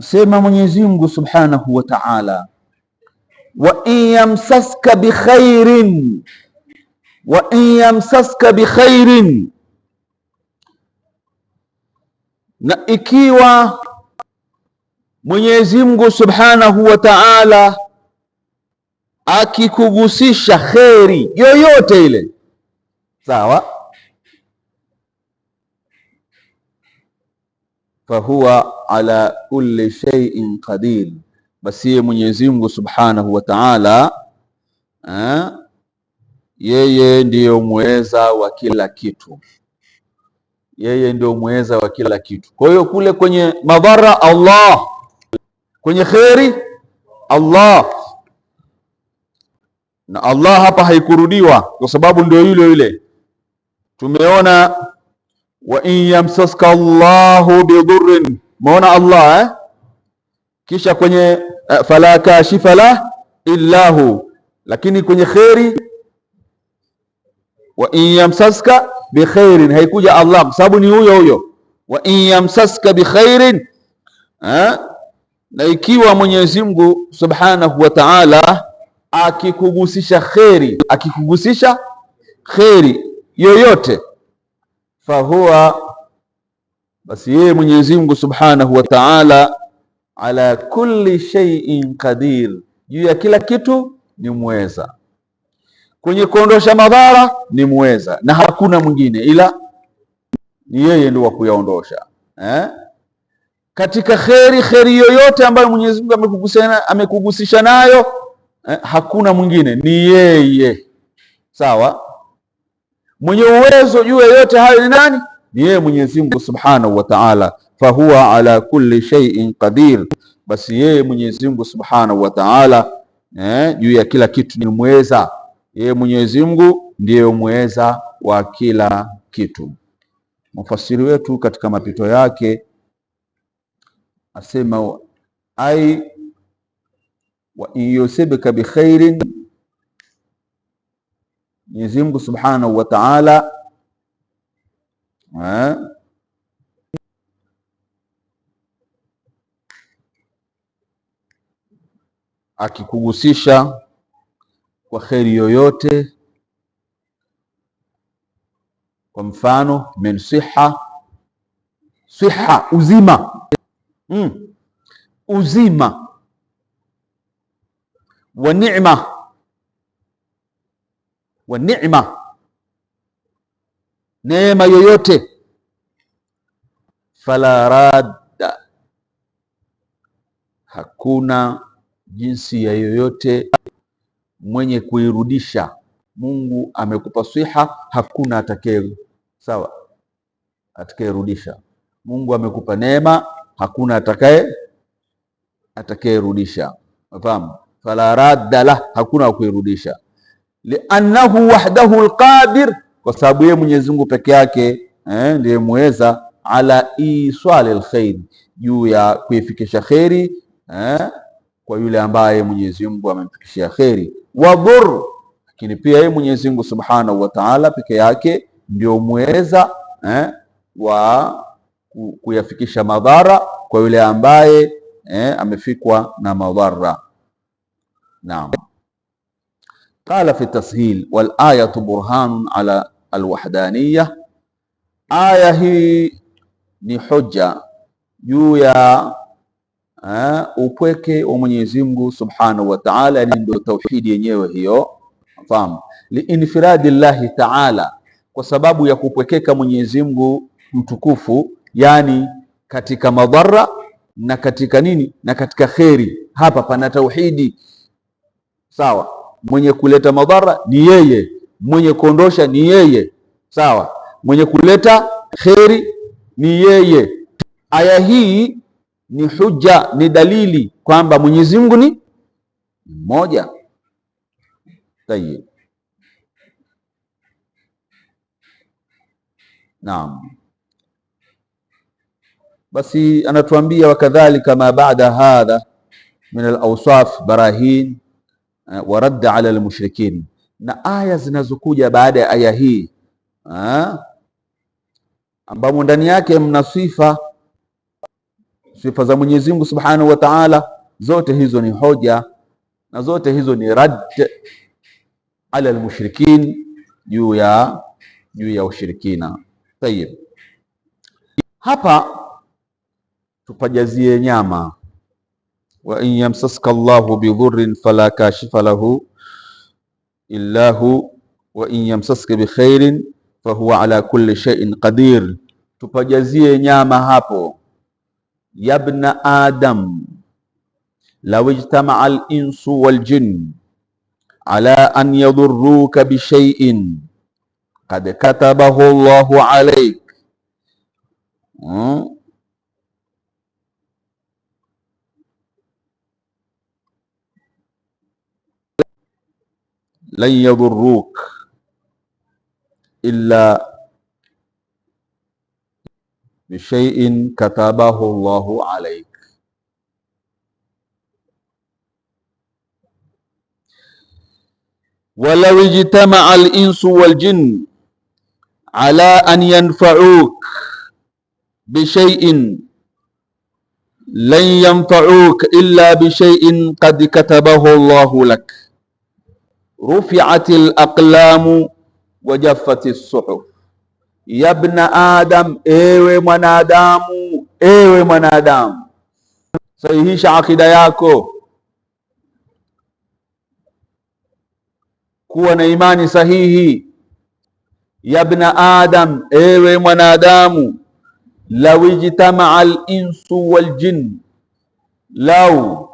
Sema Mwenyezi Mungu Subhanahu wa Ta'ala, wa in yamsaska bi khairin wa in yamsaska bi khairin, na ikiwa Mwenyezi Mungu Subhanahu wa Ta'ala akikugusisha kheri yoyote ile, sawa fahuwa ala kulli shay'in qadir, basi yeye Mwenyezi Mungu Subhanahu wa Ta'ala eh, yeye ndiyo muweza wa kila kitu, yeye ndiyo muweza wa kila kitu. Kwa hiyo kule kwenye madhara Allah, kwenye kheri Allah, na Allah hapa haikurudiwa kwa sababu ndio yule yule tumeona wa in yamsaska Allahu bidhurrin, maona Allah eh? Kisha kwenye uh, fala kashifa la illahu, lakini kwenye kheri wa in yamsaska bikhairin, haikuja Allah sababu ni huyo huyo wa in yamsaska bikhairin eh? Na ikiwa Mwenyezi Mungu Subhanahu wa Ta'ala akikugusisha kheri, akikugusisha kheri yoyote fahuwa, basi yeye Mwenyezi Mungu Subhanahu wa Ta'ala, ala kulli shay'in qadir, juu ya kila kitu ni mweza, kwenye kuondosha madhara ni mweza, na hakuna mwingine ila ni yeye ndio wa kuyaondosha eh? Katika kheri, kheri yoyote ambayo Mwenyezi Mungu amekukusana amekugusisha nayo eh, hakuna mwingine ni yeye, sawa mwenye uwezo juu ya yote hayo ni nani? Ni yeye Mwenyezi Mungu Subhanahu wa Ta'ala, fahuwa ala kulli shay'in qadir, basi yeye Mwenyezi Mungu Subhanahu wa Ta'ala eh, juu ya kila kitu ni mweza. Yeye Mwenyezi Mungu ndiye mweza wa kila kitu. Mufasiri wetu katika mapito yake asema ai wa in yusibka bi khairin Mwenyezi Mungu Subhanahu wa Ta'ala eh? akikugusisha kwa kheri yoyote, kwa mfano min siha siha, uzima mm, uzima wa neema wa ni'ma, neema yoyote. Fala radda, hakuna jinsi ya yoyote mwenye kuirudisha. Mungu amekupa siha, hakuna atakaye sawa, atakayerudisha. Mungu amekupa neema, hakuna atakaye atakayerudisha. Unafahamu? Fala radda la, hakuna wa kuirudisha liannahu wahdahu alqadir, kwa sababu yeye Mwenyezi Mungu peke yake eh, ndiye muweza ala iswali alkhair, juu ya kuifikisha kheri eh, kwa yule ambaye Mwenyezi Mungu amemfikishia kheri wa lakini pia yeye Mwenyezi Mungu subhanahu wa ta'ala peke yake ndio muweza eh, wa kuyafikisha madhara kwa yule ambaye eh, amefikwa na madhara. Naam. Qala fi tashil wal ayatu burhanun ala alwahdaniya, aya hii ni hoja juu ya upweke wa Mwenyezi Mungu Subhanahu wa Ta'ala, yani ndio tauhidi yenyewe hiyo. Fahamu liinfiradi llahi ta'ala, kwa sababu ya kupwekeka Mwenyezi Mungu mtukufu, yani katika madhara na katika nini na katika kheri. Hapa pana tauhidi sawa mwenye kuleta madhara ni yeye, mwenye kuondosha ni yeye, sawa. Mwenye kuleta kheri ni yeye. Aya hii ni huja, ni dalili kwamba Mwenyezi Mungu ni mmoja. Tayeb, naam. Basi anatuambia wakadhalika ma baada hadha min al-awsaf barahin Eh, waradda ala almushrikin, na aya zinazokuja baada ya aya hii eh, ambamo ndani yake mna sifa sifa za Mwenyezi Mungu Subhanahu wa Ta'ala, zote hizo ni hoja na zote hizo ni radd ala almushrikin, juu ya juu ya ushirikina. Tayeb, hapa tupajazie nyama وإن يمسسك الله بضر فلا كاشف له إلا هو وإن يمسسك بخير فهو على كل شيء قدير تبجزي نعمة هابو يا ابن آدم لو اجتمع الإنس والجن على أن يضروك بشيء قد كتبه الله عليك لن يضروك إلا بشيء كتبه الله عليك ولو اجتمع الإنس والجن على أن ينفعوك بشيء لن ينفعوك إلا بشيء قد كتبه الله لك rufi'atil aqlamu wa jaffati suhuf. Yabna adam, ewe mwanadamu, ewe mwanadamu, sahihisha akida yako, kuwa na imani sahihi. Yabna adam, ewe mwanadamu, law ijtamaa al-insu wal jinn, lau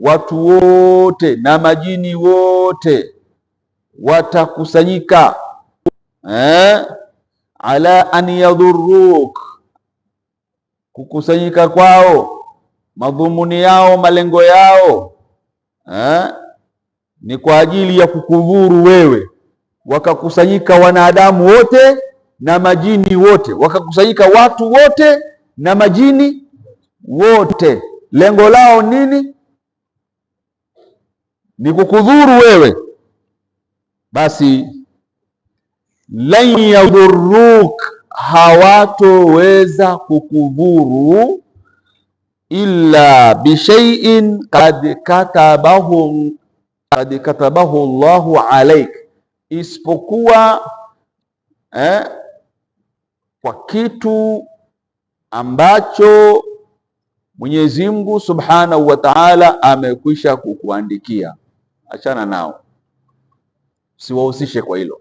watu wote na majini wote watakusanyika eh, ala an yadhurruk, kukusanyika kwao madhumuni yao malengo yao eh, ni kwa ajili ya kukudhuru wewe. Wakakusanyika wanadamu wote na majini wote, wakakusanyika watu wote na majini wote, lengo lao nini? ni kukudhuru wewe, basi lan yadhuruk hawatoweza kukudhuru illa bishaiin kad katabahu kad katabahu Allahu alaik, isipokuwa eh, kwa kitu ambacho Mwenyezi Mungu Subhanahu wa Ta'ala amekwisha kukuandikia achana nao, siwahusishe kwa hilo.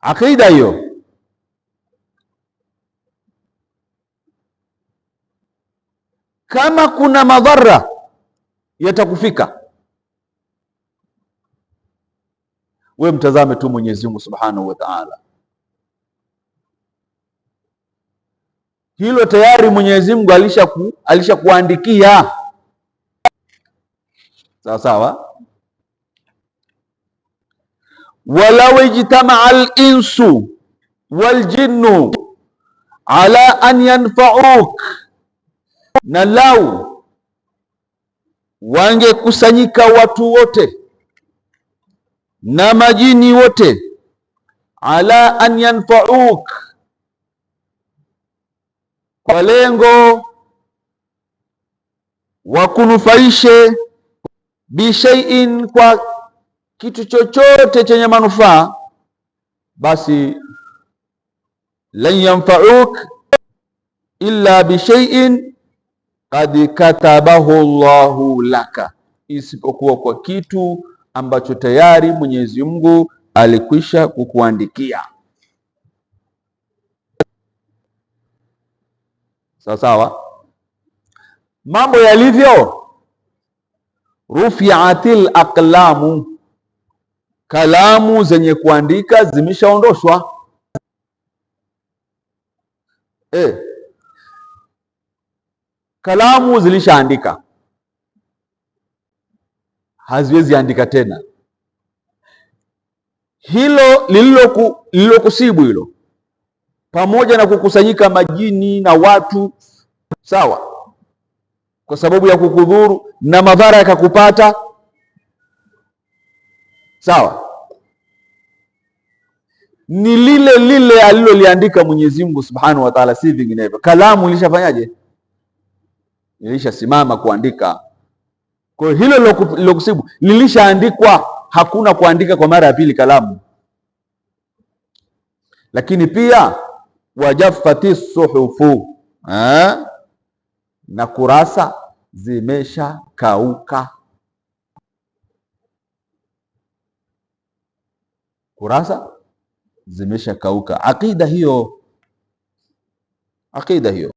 Akida hiyo kama kuna madhara yatakufika we, mtazame tu Mwenyezi Mungu Subhanahu wa Ta'ala. Hilo tayari Mwenyezi Mungu alishaku alishakuandikia sawa sawa. Walau ijtamaa al-insu wal-jinnu ala an yanfauk, na lau wangekusanyika watu wote na majini wote ala an yanfauk, kwa lengo wakunufaishe bishaiin, kwa kitu chochote chenye manufaa, basi lan yanfauk illa bishaiin qad katabahu Allahu laka, isipokuwa kwa kitu ambacho tayari Mwenyezi Mungu alikwisha kukuandikia. Sawa sawa, mambo yalivyo rufiatil aqlamu, kalamu zenye kuandika zimeshaondoshwa. Eh, kalamu zilishaandika haziwezi andika tena. Hilo lililoku lililokusibu hilo, pamoja na kukusanyika majini na watu, sawa kwa sababu ya kukudhuru na madhara yakakupata. Sawa, ni lile lile aliloliandika Mwenyezi Mungu Subhanahu wa Ta'ala, si vinginevyo. Kalamu ilishafanyaje? Ilishasimama kuandika. Kwa hiyo hilo lilokusibu lilishaandikwa, hakuna kuandika kwa mara ya pili kalamu. Lakini pia wajafati suhufu eh, na kurasa zimeshakauka. Kurasa zimeshakauka. Aqida hiyo, aqida hiyo